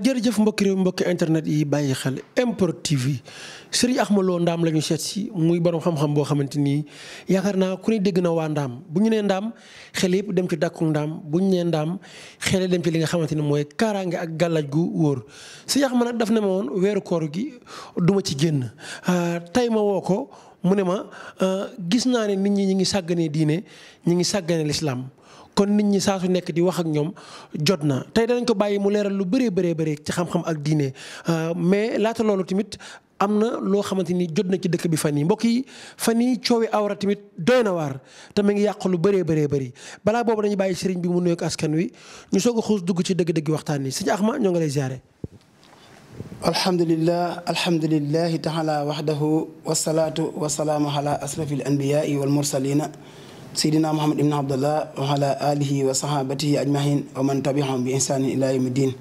jërëjëf mbokki réew mbokki internet yi bàyyi xel MPROD TV Serigne Axma Lo Ndaam la ñu seet si muy borom xam-xam boo xamante ni yaakaar naa ku ne dégg na waa Ndaam bu ñu nee ndam xel yëpp dem ci dàkku Ndaam bu ñu nee Ndaam xel dem ci li nga xamante ni mooy kaaraange ak gàllaaj gu wóor Serigne Axma nag daf ne ma woon weeru koor gi duma ci génn ah, tey ma woo ko mu ne ma ah, gis naa ne nit ñi ñi ngi sàgganee diine ñi ngi sàgganee lislaam kon nit ñi saa su nekk di wax ak ñoom jot na tey danañ ko bàyyi mu leeral lu bëree bëree bëri ci xam-xam ak diine euh, mais laata loolu tamit am na loo xamante ni jot na ci dëkk bi fan yi mbokk yi fan yi coowi awra tamit doy na waar te mu ngi yàq lu bëree bëree bari balaa boobu dañu bàyyi sëriñ bi mu nuyoog askan wi ñu soo a xuus dugg ci dëgg-dëgg waxtaan yi sëñ Axma ñoo ngi lay ziare. alhamdulilah alhamdulilahi taala waxdahu wasalaatu wasalaamu ala asrafi al anbiyaai wal mursalina seydina muhammad ibn abdullah wa ala alihi wa sahabatihi ajmahin wa man tabiahum bi insaanin ila yawmi diin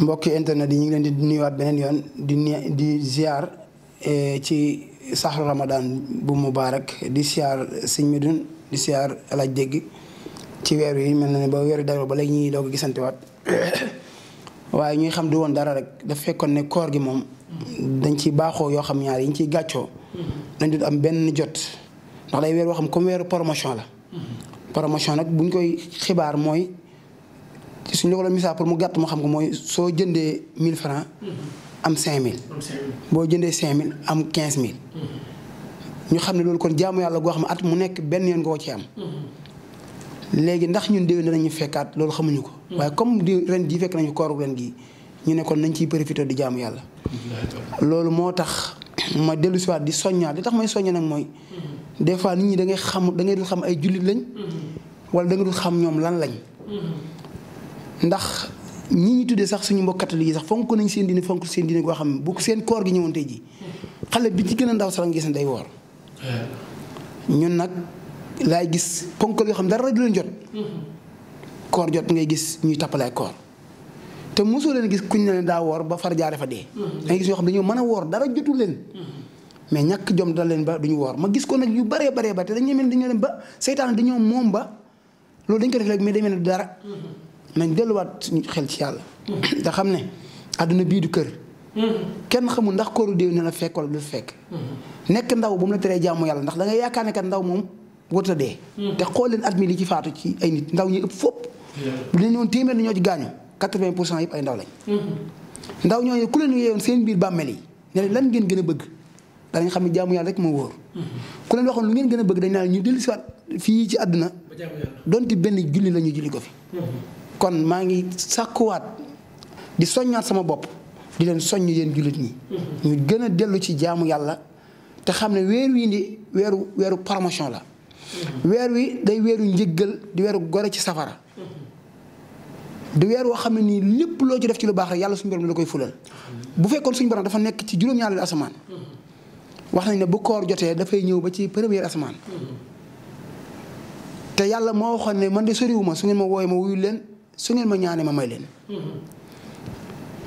mbokki internet yi ñu leen di nuyuwaat beneen yoon di di ziar e, ci saxru ramadan bu mubaarak di ziar sëñ Medoune di ziar alaaj dégg ci weer yi mel na ne ba weer dara ba léegi ñuy doog a gisantewaat waaye ñuy xam du woon dara rek da fekkoon ne koor gi moom dañ ci baaxoo yoo xam ñaar yi ñu ciy gàccoo mm-hmm. dañ dul am benn jot ndax day weer woo xam comme weeru promotion la. promotion nag bu ñu koy xibaar mooy suñu la ko misaal pour mu gàtt moo xam ko mooy soo jëndee 1000 francs am 5000. am 5000 boo jëndee 5000 am 15000. ñu xam ne loolu kon jaamu yàlla goo xam ne at mu nekk benn yoon nga ko ci am. léegi ndax ñun déwén danañu fekkaat loolu xamuñu ko. Mm-hmm. waaye comme di ren jii fekk nañu kooru ren gii ñu ne kon nañ ciy profité di jaamu yàlla. loolu moo tax ma dellusiwaat di soññaat li tax may soñña nag mooy. Mm-hmm. des fois nit ñi dangay xam da ngay dul xam ay jullit lañ. Mm-hmm. wala da dul xam ñoom lan lañ. Mm-hmm. ndax ñi ñu tuddee sax suñu mbokk catholique yi sax fonk nañ seen diine fonk seen diine goo xam ne bu seen koor gi ñëwoon tey ji mm-hmm. xale bi ci gën a ndaw sax nga gis ne day woor. ñun nag lay gis ponkal yoo xam dara du leen jot. koor jot ngay gis ñuy tappalaay koor te mosoo leen gis kuñ ne daa woor ba far jaare fa dee. da gis yoo xam dañoo mën a woor dara jotul leen. mais ñàkk jom dal leen ba duñu woor ma gis ko nag yu bëree baree ba te dañu mel dañoo dem ba seytaan dañoo moom ba loolu dañ ko def rek mais dañu mel dara nañ delluwaat suñu xel ci yàlla da xam ne àdduna bii du kër kenn xamul ndax kóoru déew ne la fekk fekk nekk ndaw bu mu la teree jaamu yàlla ndax da ngay yaakaar ne ndaw moom warut a dee te xool leen at mi li ci faatu ci ay nit ndaw ñi ëpp fopp bu leen woon téeméer ñoo ci gaañu 80 pour cent yëpp ay ndaw lañ ndaw ñooñu ku leen yeewoon seen biir bàmmeel yi ne lan ngeen gën a bëgg danañ xam ne jaamu yàlla rek moo wóor. ku leen waxoon lu ngeen gën a bëgg dañ naan ñu dellu si waat fii ci àdduna. donte benn julli la ñu julli ko fi. Mhm. kon maa ngi sàkkuwaat di soññaat sama bopp di leen soññ yéen jullit ñi. Mhm. ñu gën a dellu ci jaamu yàlla te xam ne weer wi ni weeru weeru promotion la. Mhm. weer wi day weeru njëggal di weeru gore ci safara. di weer woo xam ne nii lépp loo ci def ci lu baax rek yàlla suñu borom la koy fulal. bu fekkoon suñu dafa nekk ci juróom-ñaareelu asamaan. wax nañ ne bu koor jotee dafay ñëw ba ci première asmaan te yàlla moo waxoon ne man de soriwuma su ngeen ma wooyee ma wuy leen su ngeen ma ñaanee ma may leen.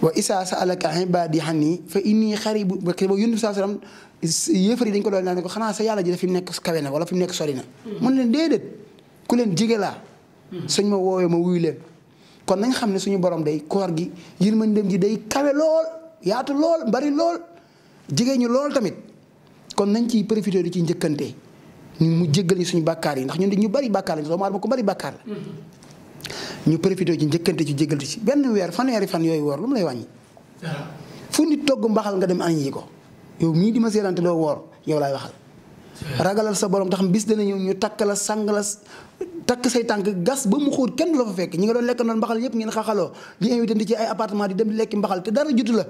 wa isaa saalaka ibaadi xanii fa inni xaribu ba yónni saa salaam yéefar yi dañ ko doon naan ne ko xanaa sa yàlla ji fi mu nekk kawe na wala mu nekk sori na. mën leen déedéet ku leen jige laa. ma woowee ma wuyu leen. kon nañ xam ne suñu borom day koor gi ma yërmandeem ji day kawe lool yaatu lool bari lool jigéen ñu lool tamit. kon nañ ciy profité di ci njëkkante ñu mu jéggal ñu suñu bakkaar yi ndax ñun ñu bari bàkkaar lañu doomu aadama ko bari bàkkaar la. Mm-hmm. ñu profité ci njëkkante ci jéggal ci benn weer fanweeri fan yooyu woor lu mu lay wàññi. fu nit togg mbaxal nga dem añ yi ko yow mii di ma seerante doo woor yow laay waxal. ragalal sa borom taxam bis dana ñëw ñu takk la sang la takk say tànk gas ba mu xóot kenn du la fa fekk ñi nga doon lekk noonu mbaxal yépp ngeen xaxaloo di invité ci ay appartement dem di lekki te dara jutu la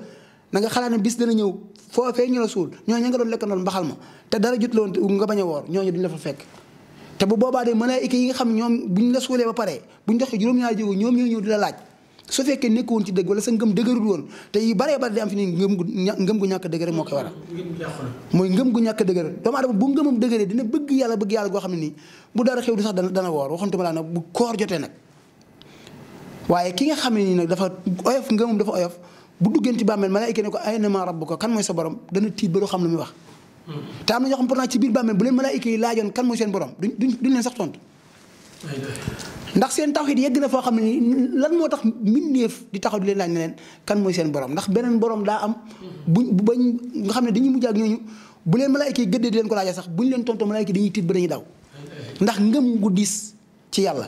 nanga nga xalaat ne bis dana ñëw foofee ñu la suul ñooñu nga doon lekkandoon mbaxal ma te dara jut loon nga bañ a woor ñooñu duñ la fa fekk te bu boobaa de malaayika yi nga xam ñoom buñ la suulee ba pare buñ joxee juróom-ñaari jógo ñoom ñoo ñëw di la su fekkee nekkoon ci dëgg wala sa ngëm dëgërul woon te yu baree bari di am fi ni ngëm gu ñàkk dëgër moo koy waral mooy ngëm gu ñàkk dëgër doomu adama bu ngëmam dëgëree dina bëgg yàlla bëgg yàlla goo xam ne nii bu dara xew du sax dana woor waxantuma laa nag bu koor jotee nag waaye ki nga xam nii nag dafa oyof ngëmam dafa oyof bu duggeen ci bàmmeel malaayika ne ko ayna ma rabbuka kan mooy sa borom dana tiit ba doo xam lu muy wax hmm. te am na ñoo xam biir bàmmeel bu leen malaayika yi laajoon kan mooy seen borom duñ duñ leen sax na foo xam ne ni lan moo tax mbindeef di di leen laaj ne leen kan mooy seen borom ndax beneen borom daa am bu bañ nga xam ne dañuy mujj ak ñooñu bu leen malaayika yi gëddee di leen ko laajee sax buñ leen tontoo malaayika dañuy tiit ba dañuy daw ndax ngëm gu diis ci yàlla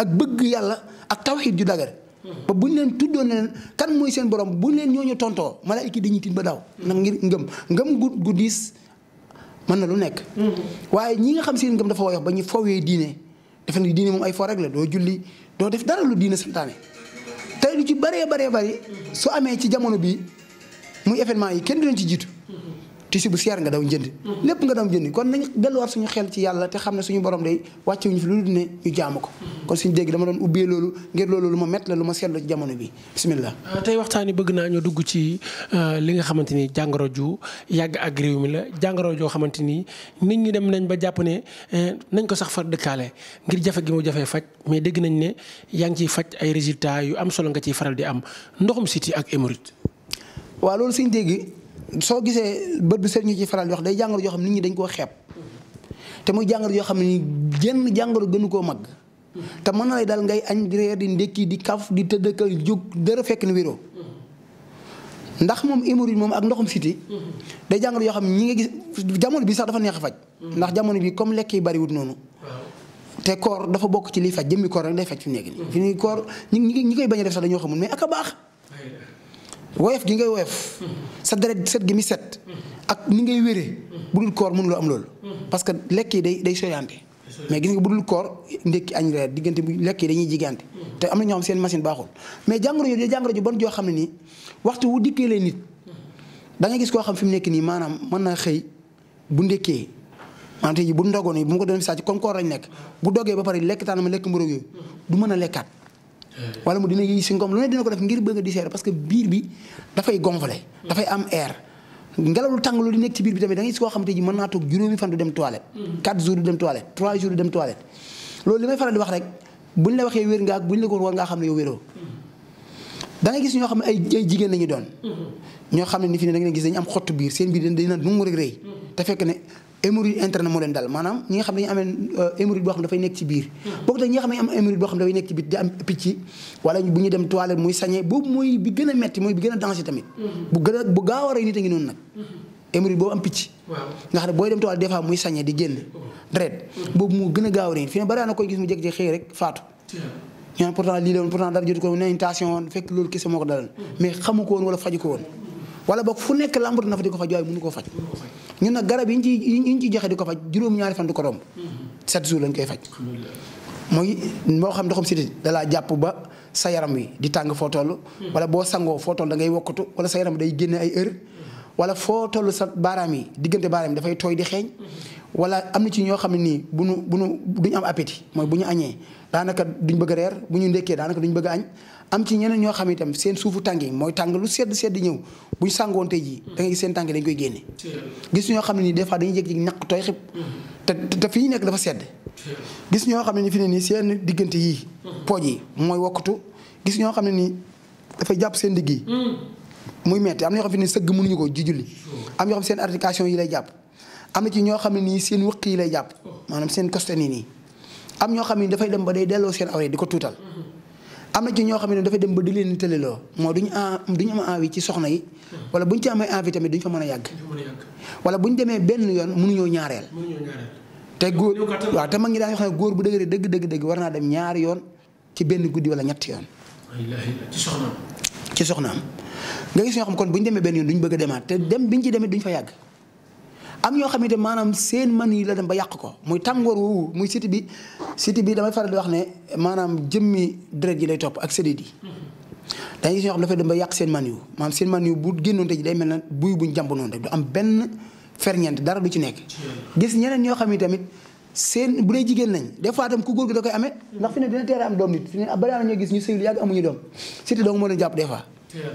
ak bëgg yàlla ak tawxiid ju dagar ba bu ñu leen tuddoon leen kan mooy seen borom bu ñu leen ñooñu tontoo malaayika yi dañuy tiit ba daw. nag ngir ngëm ngëm gu gu diis mën na lu nekk. Mm-hmm. waaye ñi nga xam seen ngëm dafa woyof ba ñu foowee diine defe ni diine moom ay fo rek la doo julli doo def dara lu diine santaane tey lu ci bëree baree bari su amee ci jamono bi muy événement yi kenn du leen ci jiitu. tissu bu seer nga daw njënd. Mm-hmm. lépp nga daw njënd kon nañ delluwaat suñu xel ci yàlla te xam ne suñu borom day wàcce wuñu fi lu dul ne ñu jaamu ko. Mm-hmm. kon suñu dégg dama doon ubbee loolu ngir loolu lu ma mett la lu ma seetlu ci jamono bi bisimilah. Ah, tey waxtaan yi bëgg naa dugg ci euh, li nga xamante ni jàngoro ju yàgg ak réew mi la jàngoro joo xamante ni nit ñi dem nañ ba jàpp ne euh, nañ ko sax far dëkkaale ngir jafe gi mu jafee faj mais dégg nañ ne yaa ngi ciy faj ay résultats yu am solo nga ciy faral di am ndoxum siti ak hémorroïde. soo gisee bët bu sëriñ ñu ci faral di wax day jàngoro yoo xam nit ñi dañ koo xeeb te muy jàngoro yoo xam ne jenn jàngoro gënu koo mag te mën na lay dal ngay añ di reer di ndékki di kaf di tëddëkal jóg dara fekk ni wéroo ndax moom hémorroïde moom ak ndoxum siti day jàngoro yoo xam ne ñi nga gis jamono bi sax dafa neex a faj ndax jamono bi comme lekk yi bariwut noonu te koor dafa bokk ci liy faj jëmmi koor rek day faj fi mu nekk nii fi koy bañ a def sax dañoo ak a baax woyof gi ngay woyof sa deret set gi mi set ak ni ngay wéree bu dul koor mënuloo am loolu parce que lekk yi day day soyante mais gis nga bu dul koor ndékki añ reer diggante bu lekk yi dañuy jigante te am na ñoo seen machine baaxul mais jàngoro yooyu jàngoro ju bon joo xam ne nii waxtu wu dikkee leen nit da nga gis koo xam fi mu nekk nii maanaam mën naa xëy bu ndekkee maanaam tey bu ndogoon bu mu ko doon sàcc comme koor lañ nekk bu dogee ba pare lekk taan ma lekk mburu yooyu du mën a lekkaat wala mu dina yëy si ngom lu ne dina ko def ngir bëgg di seere parce que biir bi dafay gonflé. dafay am air. ngelaw lu tàng lu di nekk ci biir bi tamit da ngay gis koo xamante ni mën naa hmm. hmm. da ngay gis ñoo xam ne ay jigéen la doon. Hmm. ñoo xam ne ni fi ne da gis dañu am xottu biir seen biir dina dina rek rëy. te fekk ne hémorroïde interne moo leen dal maanaam ñi xam ne dañu amee euh, hémorroïde boo xam dafay nekk ci biir boobu ñi xam ne am hémorroïde boo xam dafay nekk ci biir di am picc wala bu ñuy dem toilette muy sañee boobu mooy bi gën a metti mooy bi gën a danger tamit mm-hmm. bu gën a bu gaaw a rey nit a ngi noonu nag mm-hmm. hémorroïde boobu am picc nga xam ne di génn deret mm-hmm. gaaw a fi ne bari na koy gis mu jékki-jékki xëy rek faatu ñu naan pourtant lii la woon pourtant dara jotu ko nee tension woon fekk loolu kese moo ko daloon mais xamu ko woon wala faju ko woon wala boog ñun nag garab yi ñu ciy yi ñu ciy joxe di ko faj juróom-ñaari fan di ko romb. sept jours lañ koy faj. mooy moo xam ndoxam siti dalaa jàpp ba sa yaram wi di tàng foo toll. Hmm. wala boo sangoo foo toll da ngay sa yaram day génne ay heure wala foo tollu sa baaraam yi diggante baaraam yi dafay tooy di xeeñ wala am na ci ñoo xam ne nii bu nu bu nu duñu am appétit mooy bu ñu añee daanaka duñ bëgg reer bu ñu ndekkee daanaka duñ bëgg añ am ci ñeneen ñoo xam seen suufu tàng mooy tàng lu sedd sedd ñëw bu ñu jii da ngay seen tàng dañ koy génne gis ñoo xam ne nii des fois dañuy jékki jékki ñaq tooy xib te fi ñu nekk dafa sedd gis ñoo xam ne ni fi ne nii seen diggante yii pooj yi mooy wokkatu gis ñoo xam ne nii dafay jàpp seen digg yi muy metti am na ñoo xam ne sëgg mënuñu ko ji julli am ñoo seen articulation yi lay jàpp am na ci ñoo xam ne nii seen wëq yi lay jàpp maanaam seen koste nii am ñoo xam ne dafay dem ba day delloo seen awre di ko tuutal am na ci ñoo xam ne dafay dem ba di leen tëleloo moo duñu duñu am envie ci soxna yi wala ñu ci amee envie tamit duñ fa mën a yàgg wala ñu demee benn yoon mënuñoo ñaareel te góor waaw te mag ñi daan yoo xam góor bu dëgëree dëgg dëgg dëgg war naa dem ñaari yoon ci benn guddi wala ñetti yoon ci soxnaam nga gis ñoo xam kon bu ñu demee benn yoon duñ bëgg a demaat te dem biñ ci demee duñ fa yàgg am ñoo xamante maanaam seen man yi la dem ba yàq ko muy tàngoor woowu muy siti bi siti bi damay faral di wax ne maanaam jëmmi deret ji lay topp ak sédit yi dañuy gis ñoo dem ba yàq seen man yu maanaam man yu bu génnoon te day mel na buy buñ jàmb noonu rek du am benn ferñeent dara du ci nekk gis ñoo xam ni tamit seen bu dee jigéen nañ des fois tam ku am ñu sëy lu yàgg amuñu doom siti donc moo leen jàpp des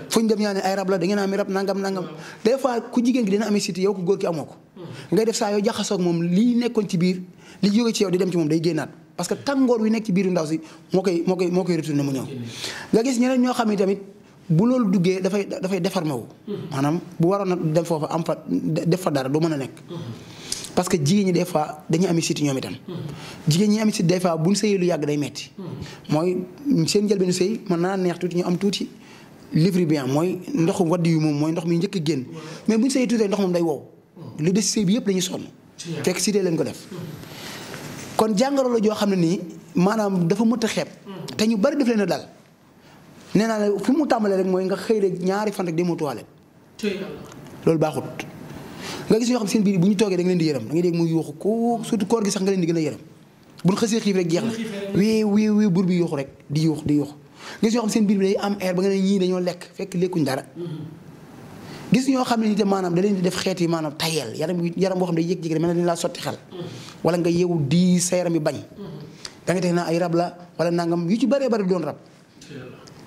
fu ñu dem ñaa ne ay rab la da ngeen am rab nangam nangam des fois ku jigéen gi dina amee siti yow ku góor ki amoo ngay def saa yoo jaxasoog moom lii nekkoon ci biir li jóge ci yow di dem ci moom day génnaat parce que tàngoor bu loolu duggee a a nekk parce que jigéen ñi yàgg day metti mooy seen njëlbeenu sëy mën naa neex tuuti ñu am tuuti livre bien mooy ndox wadd yu moom mooy ndox mi njëkk a génn mais buñ say tuutee ndox moom day wow li des sëy bi yëpp dañuy sonn fekk cité leen ko def kon jàngoro joo xam ne nii maanaam dafa mëtt a xeeb te ñu bari daf leen daal nee naa la fi mu tàmbalee rek mooy nga xëy rek ñaari fan rek demoo toilette loolu baaxut nga gis ñoo xam seen biir bu ñu toogee da leen di yërëm da nga dégg muy yuuxu ko surtout koor gi sax nga leen di gën a yërëm buñ xësee xiif rek jeex na bi yuuxu rek di yuux di gis ñoo xam seen biir bi day am air ba nga ñii dañoo lekk fekk lekkuñ dara. gis ñoo xam ne nii maanaam da leen di def xeet yi maanaam tayel yaram yaram boo xam ne day yëg-yëg mel ne dañ laa sotti wala nga yeewu di sa yaram bi bañ. da nga naa ay rab la wala nangam yu ci bëree bëri doon rab.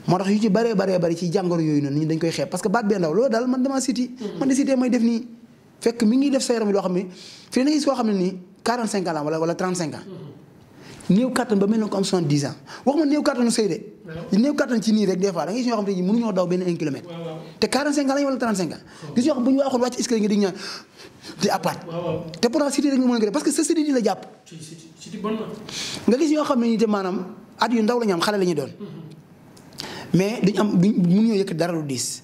moo tax yu ci bëree bare bëri ci jàngoro yooyu noonu dañ koy xeeb parce que baat bee ndaw loolu daal man dama siti. man de siti may def nii fekk mi ngi def sa yaram bi loo xam ne fii da nga gis koo xam ne nii 45 ans wala wala 35 ans. néew kattan ba mel na ko am 70 ans waxuma néew kattanu gis ñoo xam ne mënuñoo daw benn 1 ñoo xam bu te pourtant cité rek a ko que la jàpp. nga gis xam ne ñu te maanaam at yu ndaw la ñu am la ñu doon. Mm-hmm. mais dañu am duñ mënuñoo yëkkati dara lu diis.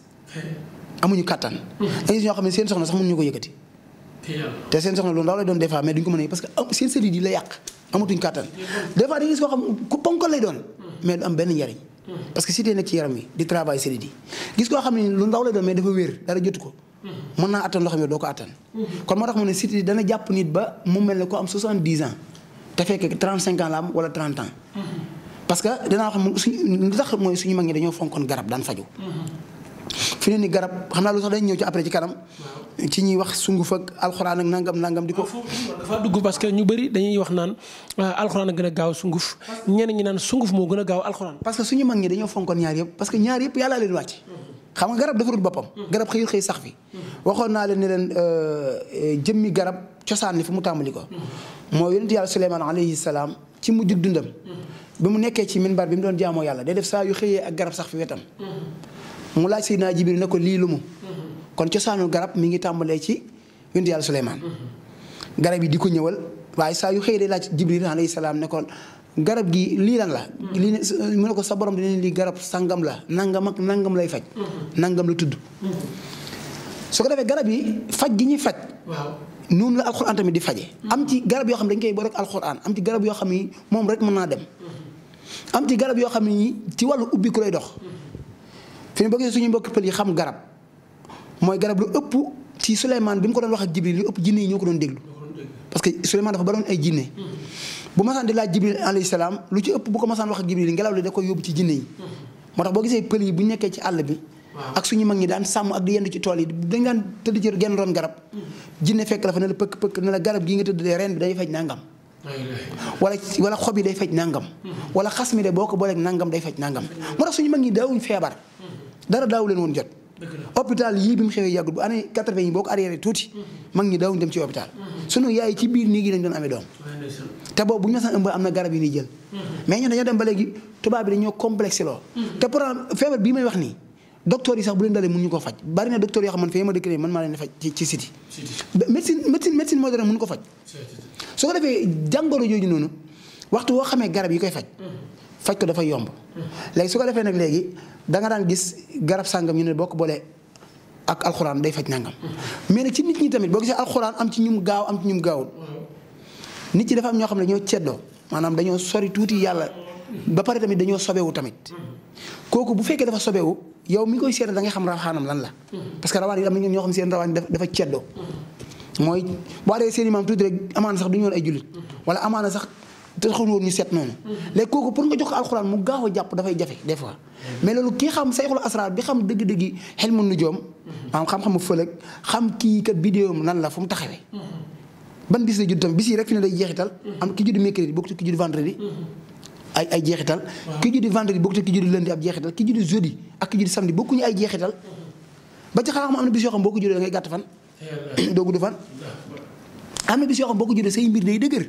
amuñu kattan. da mm-hmm. ngay gis ñoo ko yëkkati. te seen soxna loolu ndaw lay doon des mais duñ ko mën a parce que seen sëriñ yi la yàq amatuñ kàttan des fois dañuy gis koo xam ku ponkal lay doon mais du am benn njariñ parce que si dee nekk ci yaram wi di travail séddi di gis koo xam ne lu ndaw lay doon mais dafa wér dara jotu ko mën naa attan loo xam ne doo ko attan kon moo tax mu ne siti dana jàpp nit ba mu mel ne ko am 70 ans te fekk 35 ans am wala 30 ans parce que dinaa xam suñu suñu mag ñi dañoo fonkoon garab daan faju fi ne ni garab xam naa lu sax dañ ñëw ci ci ñuy wax sunguf ak alxuraan ak nangam nangam. di ko dafa dugg parce que ñu bëri dañuy wax naan euh, alxuraan a gën a gaaw sunguf ñenn ñi naan sunguf moo gën a gaaw alxuraan. parce que suñu mag ñi dañoo fonkoon ñaar yëpp parce que ñaar yëpp yàllaa leen wàcc. xam nga garab defarul boppam. garab xëyul xëy sax fi. waxoon naa leen ne leen euh, euh, jëmmi garab cosaan li fu mu tàmbali ko. moo yonent yàlla Suleymaan alayhi salaam ci mujjug dundam. bi mu nekkee ci minbar bi mu doon jaamoo yàlla day def saa yu xëyee sax fi wetam. mu laaj Seydina Jibril ko lii lu mu kon cosaanu garab mi ngi tàmbalee ci yonent yàlla Suleymaan garab yi di ko ñëwal waaye saa yu xëy de laaj Jibril alayhi salaam ne ko garab gi lii lan la. mu ne ko sa borom dinañ lii garab sangam la nangam nangam lay faj. nangam la tudd. soo ko defee garab yi faj gi ñuy faj. waaw noonu la alxuraan tamit di faje am ci garab yoo xam ne dañ koy boole ak alxuraan am ci garab yoo xam ni moom rek mën naa dem. am ci garab yoo xam ni ci wàllu ubbi ku lay dox. fi mu bëggee suñu mbokk xam garab. mooy garab lu ëpp ci Souleymane bi mu ko doon wax ak Jibril lu ëpp jinne yi ñoo ko doon déglu parce que Souleymane dafa baroon ay jinne bu masaan di laaj Jibril alayhi salaam lu ci ëpp bu ko masaan wax ak Jibril ngelaw li da koy yóbbu ci jinne yi moo tax boo gisee pël yi bu nekkee ci àll bi ak suñu mag di yendu ci tool yi dañ daan tëdd ci genn ron garab jinne fekk la fa ne la pëkk pëkk ne la garab gii day faj nangam wala wala xob yi day faj nangam wala xas mi de boo ko booleeg nangam day faj nangam moo tax suñu mag ñi daawuñ feebar dara daawu woon jot hôpital yii bi mu xewee yàggul bu année quatre-vingt yi boo ko arrière tuuti mag ñi daawuñu dem ci hôpital sunu yaay ci biir néeg yi lañ doon amee doom te boobu bu ñu masaan ëmb am na garab yi ñuy jël mais ñun dañoo dem ba ko faj bari ko defee jàngoro jooju noonu waxtu woo xamee garab yi koy faj faj ko dafa yomb. léegi su ko defee nag léegi da nga daan gis garab sàngam ñu ne bokk boole ak alxuraan day faj nangam. mais ci nit ñi tamit boo gisee alxuraan am ci ñum gaaw am ci ñum gaawul. nit ñi am ñoo xam ne ñoo ceddoo maanaam dañoo sori tuuti yàlla ba pare tamit dañoo sobewu tamit. kooku bu fekkee dafa sobewu yow mi koy seet da ngay xam rawaanam lan la. parce que rawaan yi am na ñoo xam seen rawaan dafa ceddoo. mooy boo dee seen i maam tuuti rek amaana sax du ñu ay jullit wala amaana sax te xamuñu woon ñu seet noonu. léegi kooku pour nga jox ko alxuraan mu gaaw a jàpp dafay jafe des fois. mais loolu kii xam sayxul asraar bi xam dëgg-dëgg xel mu nujoom. maanaam xam-xamu fëlëg xam kii kat bidéom nan la fu mu taxawee. ban bis la judd tam bis yi jeexital. am ki judd mercredi bokk ci ki judd vendredi. ay ay jeexital. ki judd vendredi bokk ci ki judd lundi ab jeexital jeexital. ba ci xanaa xam na bis yoo xam boo ko juddee da ngay gàtt fan. Eh, doo gudd fan. am na bis yoo xam boo ko juddee say mbir day dëgër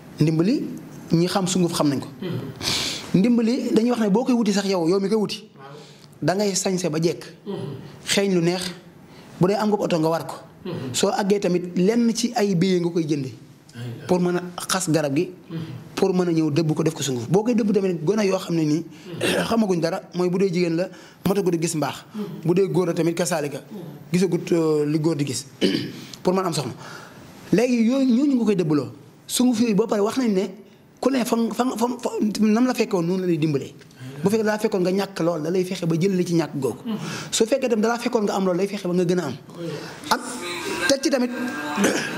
ndimbali ñi xam sunguf xam nañ ko. ndimbali dañuy wax ne boo koy wuti sax yow yow mi koy wuti. da ngay sañse ba jekk. xeeñ lu neex bu dee am nga oto nga ko. soo àggee tamit lenn ci ay béyee nga koy jënde pour mën a gi. pour mën a ñëw dëbb ko def ko sunguf boo koy dëbb tamit gone yoo xam ne nii. xamaguñ dara mooy bu dee jigéen la motagut gis mbaax. bu dee góor a tamit kasaalika. gisagut euh, li góor di gis pour mën am soxna léegi yooyu ñooñu nga koy dëbbaloo. sunguf fi boo pare wax nañ ne ku ne fa fa fa nam la fekkoon noonu la lay dimbalee. bu fekkee dalaa fekkoon nga ñàkk lool dalay lay fexe ba jël li ci ñàkk googu. su fekkee tam dalaa fekkoon nga am lool lay fexe ba nga gën a am. ci tamit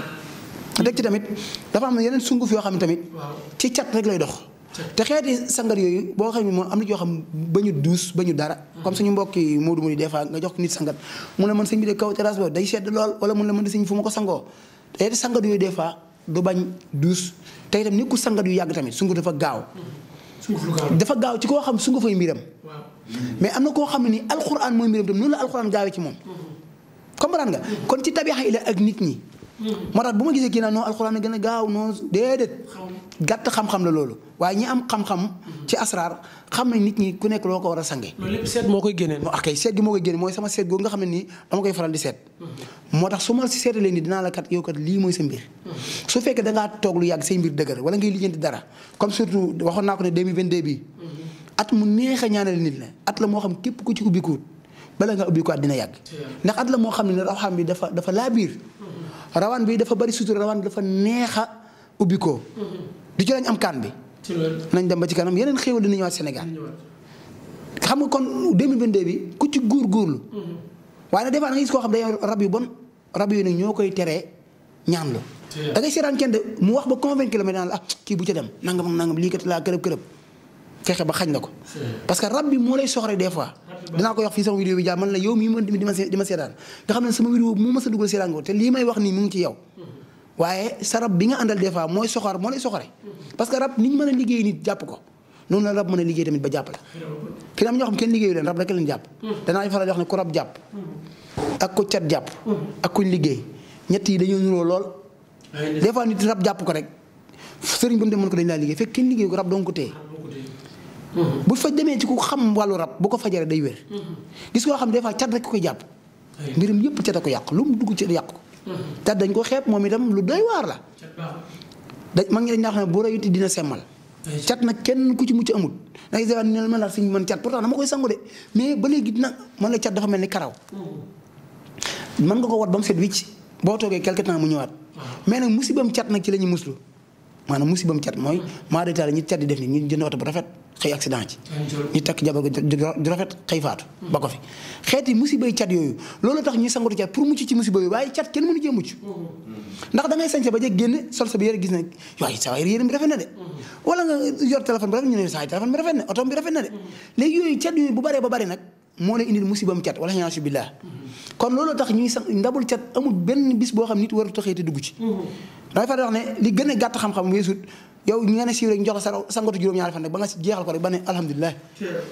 teg ci tamit dafa am yeneen sunguf yoo xam ne tamit. ci cat rek lay dox. te xeeti sangar yooyu boo xam ne moom am na yoo xam ba ñu duus ba ñu dara. comme suñu mbokk yi Modou Modou des fois nga jox ko nit sangat mu ne man sëñ bi de kaw terrasse boobu day sedd lool wala mun ne man sëñ fu ma ko sangoo te xeeti sangar yooyu des du bañ duus te itam ni ku sangat yu yàgg tamit sunguf dafa gaaw. dafa gaaw ci koo xam su nga fay mbiram. mais am na koo xam ne ni alxuraan mooy mbiram tam noonu la alxuraan gaawee ci moom. Mm-hmm. comprendre nga kon ci tabixa ila ak nit ñi. moo tax bu ma gisee kii naan non alxuraan gën a gaaw non déedéet. gàtt xam-xam la loolu waaye ñi am xam-xam. ci asraar xam nañ nit ñi ku nekk loo ko war a sange. loolu lépp seet moo koy génne. moo ak seet gi moo koy génne mooy sama seet googu nga xam ne nii dama koy faral di seet. Mhm. moo tax su ma seetalee nii dinaa la kat yow kat lii mooy sa mbir. Mhm. su fekkee da ngaa toog lu yàgg say mbir dëgër wala ngay lijjanti dara comme surtout waxoon naa ko ne 2022 bii. Mhm. at mu neex a ñaanal nit la moo xam képp ku ci ubbikuut bala nga ubbikuwaat dina yàgg. ndax at rawaan bi dafa bari sutura rawaan dafa neex a ubbi ko. Mm-hmm. du ci lañ am kaan bi. nañ dem ba ci kanam yeneen xéwal dina ñëwaat Sénégal. xam nga kon 2022 bi ku ci góor góorlu. Mm-hmm. waaye nag des fois da nga gis koo xam day rab yu bon rab yooyu nag ñoo koy teree ñaan la. da ngay kenn de mu wax ba convaincre la la ah, kii bu ca dem nangam ak nangam lii kat laa kërëb kërëb fexe ba xañ na ko. parce que rab bi moo lay soxre des fois. dinaa ko wax fii sama vidéo bi jaar man la yow mii ma di ma seetaan nga ne sama vidéo mu ma sa seetaan te lii may wax nii mu ci yow waaye sa rab bi nga àndal des mooy soxor moo lay soxore parce rab ni mën a liggéey nit jàpp ko noonu la rab mën a liggéey tamit ba jàppale ki am ñoo jàpp ak ku cat jàpp ak kuñ liggéey ñett dañoo nuroo lool des nit rab jàpp ko rek sëriñ bu mu demoon ko dañ laa liggéey fekk kenn liggéey ko rab doon ko bu fa demee ci ku xam wàllu rab bu ko fajaree day wér. gis koo xam des fois cat rek ko jàpp. mbirum yëpp cat a ko yàq lu mu dugg ci yàq ko. Mm-hmm. cat dañ ko xeeb moom itam lu doy waar la. da maa ngi di wax ne bu ku ci mucc amul. da ngay seetlu ne man la suñu mën cat koy sangu de mais ba léegi dina man la cat dafa mel ni karaw. Mm-hmm. mën nga ko wat ba mu set wicc boo toogee quelque temps mu ñëwaat. Ah. mais nag musibam cat nag ci la ñuy muslu. maanaam musibam cat mooy maa day taal ñi cat di def ni ñu jënd oto bu rafet xëy accident ci ñu takk jabar ju rafet xëy faatu ba ko fi xeeti musibay cat yooyu loolu tax ñuy sangatu cat ci musiba yooyu waaye cat kenn mënu sa bi yére sa waay yére bi rafet na yooyu cat ba bari nag moo lay indil musibam cat wala xanaa billah kon loolu tax ñuy sa ndabul cat amul benn bis boo xam nit war a taxee te dugg ci damay fa di wax ne li gën a gàtt xam-xam yow ñu ngeen a siiw rek ñu jox la sa sangatu juróom-ñaari fan rek ba nga jeexal ko rek ba ne alhamdulilah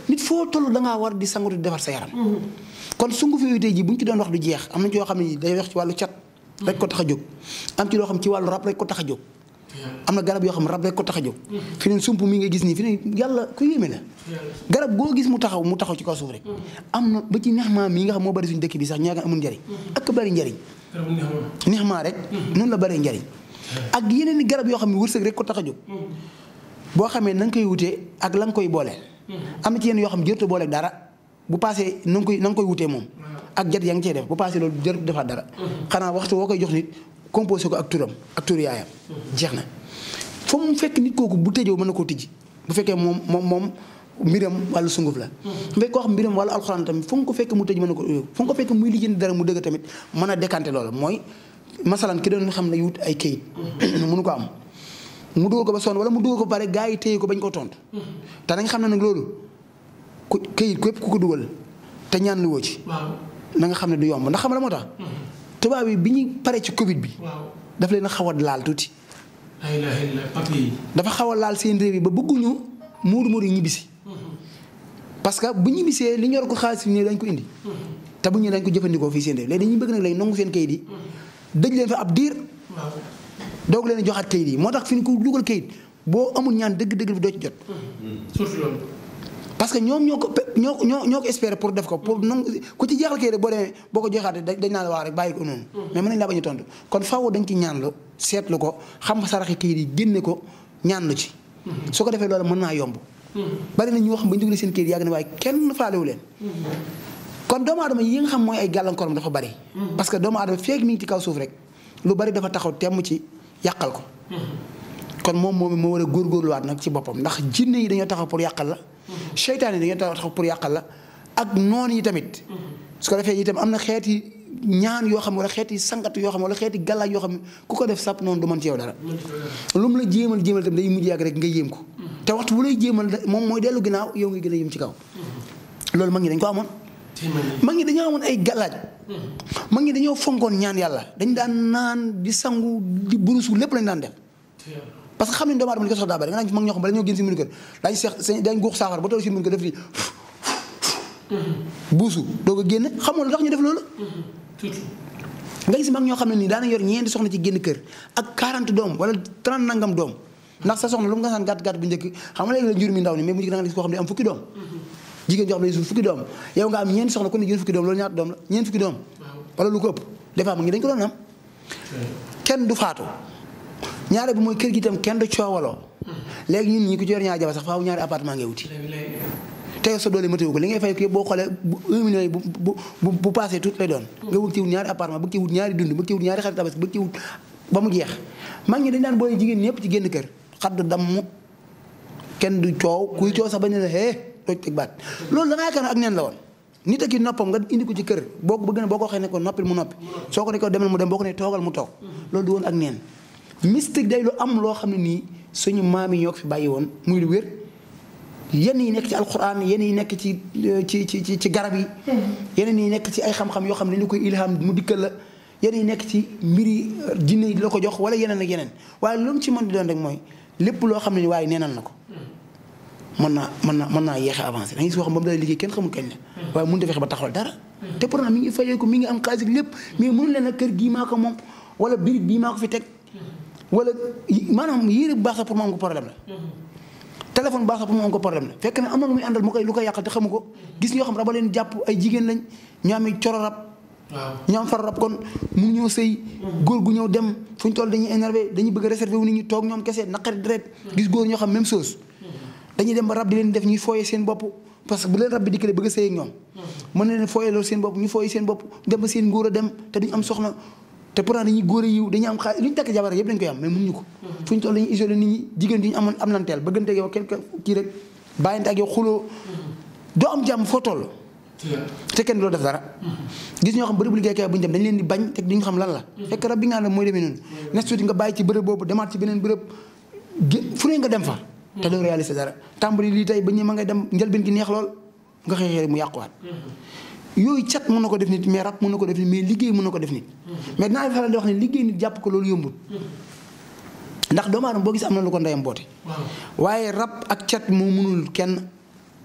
nit foo toll da ngaa war di sangatu di defar sa yaram mm-hmm. kon sungu fi tey ji bu ñu ci doon wax du jeex am na ci xam ne day wax ci wàllu cat ko tax a loo xam ci wàllu rab rek ko tax a jóg am na garab yoo xam rab rek ko tax a jóg mm-hmm. fi sump mi nga gis nii fi ne yàlla ku yéeme la garab goo gis mu taxaw mu taxaw ci kaw suuf rek mm-hmm. am na ba ci nexmaa mii nga xam moo bari suñu dëkk bi sax ñaa nga amul njariñ ak bari njariñ nexmaa rek noonu la bari njariñ ak yeneen i garab yoo xam ne wërsëg rek ko tax a jóg. boo xamee na nga koy wutee ak la nga koy boole. am na ci yenn yoo xam ne jërëjëf boole dara bu paasee na nga koy na nga koy wutee moom. ak jat yaa ngi cey def bu paasee loolu jërëjëf defaat dara. xanaa waxtu woo na fa mu fekk nit kooku bu tëjoo mën na koo tijji bu fekkee moom moom mbiram wàllu sunguf la mbéy koo xam mbiram wàllu alxuraan tamit fu nga ko fekk mu tëj mën a dara mu dëgg tamit mën a décanté loolu mooy masalan ki doon xam ne wut ay kayit. mënu ko am mu dugal ko ba sonn wala mu dugal ko ba pare gaa yi téye ko bañ ko tontu. te da nga xam ne nag loolu ku kayit képp ku ko dugal te ñaan lu woo ci. na nga xam ne du yomb ndax xam la moo tax. Mm-hmm. tubaab yi bi ñu paree ci Covid bi. daf leen a xaw a laal tuuti. dafa xaw a laal seen réew yi ba bëgguñu muur muur yi ñibbisi. Mm-hmm. parce bu ñibbisee li ñor ko xaalis bi nii dañ ko indi. Mm-hmm. te bu ñu dañ ko jëfandikoo fii seen réew dëj leen ab diir. doog leen joxaat kayit yi moo tax fi ñu ko dugal kayit boo amul ñaan dëgg-dëgg bi doo ci jot. surtout que ñoom ñoo ko ñoo ñoo ñoo ko pour def ko pour mm. ku ci jeexal kayit rek boo demee boo ko joxaatee dañ naa la wax rek bàyyi ko noonu. Mm. mais mën nañ laa bañ a tontu kon faaw dañ ci ñaan lu seetlu ko xam saraxi kayit yi génne ko ñaan lu ci. Mm. su ko defee loolu mën naa yomb. bari na ñu wax ba ñu dugalee seen kayit yàgg na waaye kenn faalewu leen. kon doomu aadama yi nga xam mooy ay gàllankooram dafa bari. parce que doomu aadama feeg mi ci kaw suuf rek lu bari dafa taxaw temm ci yàqal ko. kon moom moom moo war a góorgóorluwaat nag ci boppam ndax jinne yi dañoo taxaw pour yàqal la. seytaan yi dañoo taxaw pour yàqal la ak noon yi tamit. su ko defee itam am na xeeti ñaan yoo xam wala xeeti yoo xam wala xeeti gàllaaj yoo xam ku ko def sàpp noonu du mën ci yow dara. lu mu la jéemal jéemal itam rek nga yéem ko. te waxtu bu lay jéemal moom mooy dellu ginnaaw yow ngay gën a yéem ci kaw. loolu mag ñi dañ ko amoon. mag ñi dañoo amoon ay galaaj hmm. mag ñi dañoo fonkoon ñaan yàlla dañ daan naan di sangu di burusu lépp lañ daan def parce que xam ne doomu aadama li ko sox daa bari da nga naan mag ñoo xam bala ñoo génn si munu kër daañu seex daañ guux saafara def di hmm. a génn xamoo lu tax ñu def loolu hmm. nga gis mag ñoo xam ne nii daana yor ñeenti soxna ci génn kër ak 40 doom wala 30 nangam doom ndax sa soxna lu mu nga saan gàtt gàtt bu njëkk xam nga léegi la njur mi ndaw ni mais bu njëkk da nga koo xam ne am fukki doom jigéen joo xam ne fukki doom yow nga am ñeent soxla ku ne jur fukki doom loolu ñaata doom la ñeent fukki doom wala lu ko ëpp des fois mu dañ ko doon am kenn du faatu ñaare bi mooy kër gi itam kenn du coowaloo léegi ñun ñi ko ci yor ñaari jabar sax faaw ñaari appartement ngay wuti te sa doole matéwu ko li ngay fay boo xoolee un million bu bu bu passé tout lay doon nga wut ci wut ñaari appartement bëgg ci wut ñaari dund bëgg ci wut ñaari xarit tabaski bëgg ci wut ba mu jeex mag ñi dañ daan boolee jigéen ñëpp ci génn kër xaddu damm kenn du coow kuy coow sax bañ ne la hee toj teg baat loolu da nga yaakaar ak neen la woon nit ak i noppam nga indi ko ci kër boo ko bëgg ne boo ko waxee ne ko noppil mu noppi soo ko ne ko demal mu dem boo ko ne toogal mu toog loolu loo xam ne nii suñu maam yi ñoo ko bàyyi woon muy lu yenn yi nekk ci alquran yenn yi nekk ci ci ci ci garab yi yeneen yi nekk ci ay xam yoo xam ne dañu koy ilham mu dikkal la yenn yi nekk ci mbiri jinne yi la ko jox wala yeneen ak yeneen waaye lu ci mën di doon rek mooy lépp loo xam ne ni waaye neenal na ko man naa man naa mën naa yéex a avancé da ngay gis wax ba mu day liggéey kenn xamul kañ la waaye mënut a fexe ba taxawal dara te pourtant mi ngi fayee ko mi ngi am xaalis lépp mais mënu leen maanaam yére bu baax sax pour mu am ko problème la baax sax pour mu am ko na am na lu muy àndal mu koy lu koy yàqal te xamu ko gis ñoo xam raba leen jàpp ay jigéen lañ ñoo amee coro rab ñoo am rab kon mu ñëw sëy góor gu ñëw dem fu ñu toll dañuy énervé dañuy bëgg a réservé wu nit ñi toog ñoom kese naqari deret gis góor ñoo xam même chose dañuy dem ba rab di leen def ñuy fooyee seen bopp parce que bu leen rab bi dikkalee bëgg a sëy ak ñoom. Hmm. mën na leen fooyee loolu seen bopp ñu fooyee seen bopp dem ba seen góor a yëpp am mais mënuñu ko. Hmm. fu ñu toll dañuy isolé nit ñi hmm. jàmm foo toll. te kenn du def dara. gis ñoo xam bërëbu liggéeykaay bu ñu dem dañ leen di bañ te duñ xam lan la. fekk rab bi nga xam ne mooy demee noonu. nes tuuti nga bàyyi ci bërëb boobu demaat ci beneen bërëb fu ne nga dem fa te doo réaliser dara tàmbali lii tey ba ñu ma ngay dem njëlbeen gi neex lool nga xëy xëy mu yàquwaat yooyu cat mën na ko def nit mais rab mën na ko def nit mais ko def nit mais dinaa faral di wax ne liggéey nit boo gis am na ko ndeyam boote waaye rab ak cat moo mënul kenn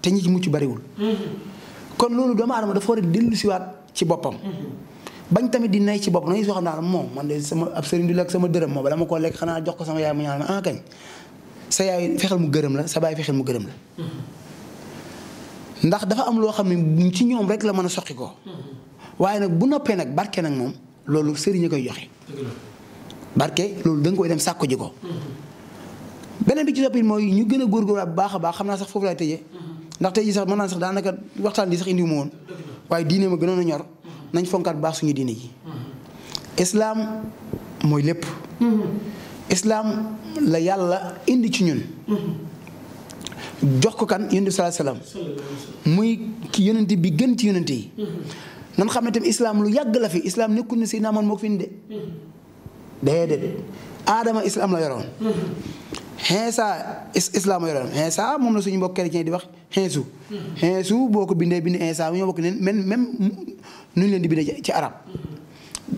te ñi ci mucc bariwul kon loolu doomu aadama dafa war a dellu ci boppam bañ tamit di nay ci boppam nañu soo xam naa moom man de sama ab sëriñ di lekk sama dërëm moom bala ma koo lekk xanaa jox ko sama yaay mu ñaan ah kañ sa yaay fexeel mu gërëm la sa baay fexeel mu gërëm la. ndax dafa am loo xam ne ci ñoom rek la mën a soqi ko waaye nag bu noppee nag barke nag moom loolu sëriñ a koy joxe. barke loolu da nga koy dem sàkku ko. beneen bi ci toppit mooy ñu gën a góorgóorlu bu baax a baax xam naa sax foofu laay tëjee. ndax tey jii sax mën naa sax daanaka waxtaan bi sax indiwu ma woon waaye diine ma gënoon a ñor mm-hmm. nañ fonkaat baax suñu diine ji. Mm-hmm. islaam mooy lépp. Mm-hmm. islaam la yàlla indi ci ñun jox ko kan yonent salaam muy ki yonent bi gën ci yonent yi xam ne tamit islaam lu yàgg la fi islaam nekkul ne si naa man moo ko fi indi déedéet aadama islaam la yoroon xeesa islaam la yoroon xeesa moom la suñu mbokk chrétien di wax xeesu xeesu boo ko bindee bind xeesa ñoo bokk neen même même nu ñu leen di bindee ci arab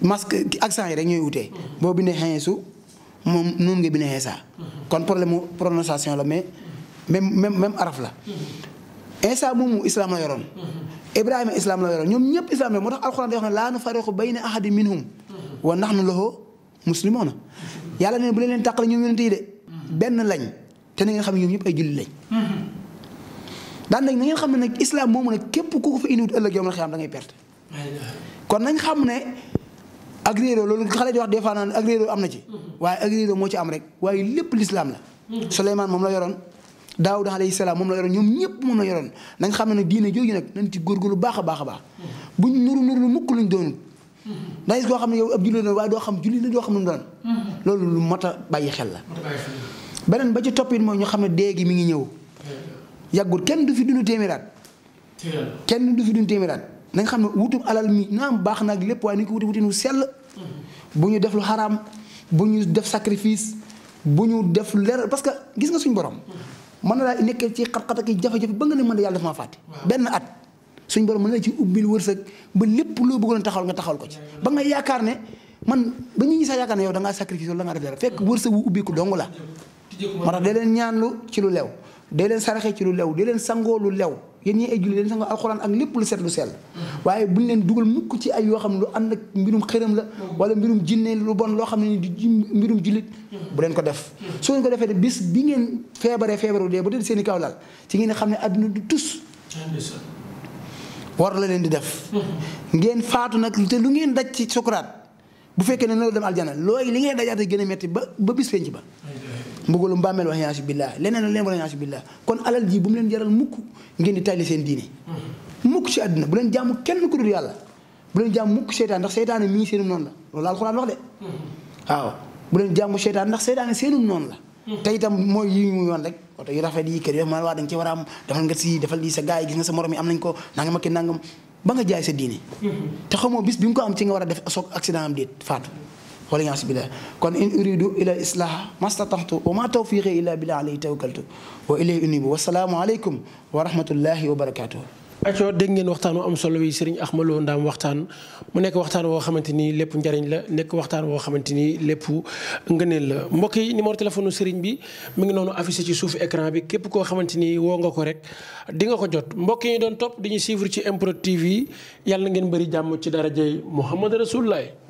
masque accent yi rek ñooy wutee boo bindee xeesu moom noonu nga bindee Isa. kon problème mu prononciation la mais même même même araf la. Isa moomu islam la yoroon. Ibrahima islam la yoroon ñoom ñëpp islam la moo tax alxuraan day wax ne laa nufarriqu ne bu leen leen tàqale ñoom yonent yi de. benn lañ te na ngeen xam ne ñoom ñëpp ay julli lañ. daan nañ na ngeen xam ne nag islam moomu nag képp ku ko fa indiwut ëllëg yow nag xiyam perte. kon nañ xam ne. ak réeroo loolu xale di wax des fois naan am na ci mm-hmm. waaye ak réeroo moo ci am rek waaye lépp lislaam la mm-hmm. Souleymane moom la yoroon Daawud alayhi salaam moom la yoroon ñoom ñëpp moom la yoroon nañ xam ne ne diine jooju nag nañ ci góorgóorlu baax a baax a lu mm-hmm. mukk luñ doonul da gis xam ne yow ab julli doon waaye xam julli la xam lu mu doon loolu lu mot a bàyyi xel la beneen ba ci toppit mooy ñu xam ne dee gi mi ngi ñëw yàggul kenn du fi dund téeméeraat kenn du fi dund téeméeraat nañ xam ne wutum alal mi naam baax naag lépp waaye ni ko bu ñu def lu xaraam bu ñu def sacrifice bu ñu def leer parce que gis nga suñu borom mën na laa nekkee ci xat-xat ak jafe-jafe ba nga ne mën a yàlla dafa ma fàtte benn at suñ borom mën na la ci ubbil wërsëg ba lépp loo bëggoon taxawal nga taxawal ko ci ba nga yaakaar ne man ba ñu ñi sax yaakaar ne yow da ngaa sacrifice wala da ngaa def dara fekk mm-hmm. wërsëg wu ubbi ko dong la man tax day leen lu ci lu lew day leen saraxe ci lu lew day leen sangoo lu lew yéen ñi ay julli leen sanga alxuraan ak lépp lu set lu sell waaye buñ leen dugal mukk ci ay yoo xam ne lu ànd ak mbirum xërëm la wala mbirum jinne lu bon loo xam ne di mbirum jullit bu leen ko def soo ko defee bis bi ngeen feebaree feebaru dee ba tëdd seen i kaw laal ci ngeen xam ne àdduna du tus war la leen di def ngeen faatu nag te lu ngeen daj ci sukuraat bu fekkee ne la dem aljana looy li ngeen dajaate gën a metti ba ba bis penc ba mbugalu mbàmmeel wala yaasu billah leneen la leen wala yaasu billah kon alal ji bu mu leen jaral mukk ngeen di tàlli seen diine mukk si àdduna bu leen jàmm bu leen jàmm mukk seytaan ndax seytaane mii seenum noonu la loolu alxuraan seytaan seenum noonu la te itam mooy yi mu yoon rek oto yu rafet yi kër yo man waa da nga ci war a am defal nga si defal lii sa gars yi gis nga sa morom yi am nañ ko nangam ak nangam ba nga jaay sa diine mm-hmm. te xamoo bis bi nga ko am ci nga war a def soog accident am déet faatu wala yaas billah kon in uridu ila islaha mastata'tu wa ma tawfiqi illa billah alayhi tawakkaltu wa ilayhi unibu wasalaamu aleykum wa rahmatullahi wa barakatuhu acoo dégg ngeen waxtaan wu am solo wi sëriñ Ahma Lo Ndaam waxtaan mu nekk waxtaan woo xamante ni lépp njariñ la nekk waxtaan woo xamante ni lépp ngëneel la mbokk yi numéro téléphone sëriñ bi mu ngi noonu affiché ci suuf ecran bi képp koo xamante ni woo nga ko rek dinga ko jot mbokk yi doon topp di ñu suivre ci MPROD yàlla ngeen bëri jàmm ci darajay Muhammad Rasulullah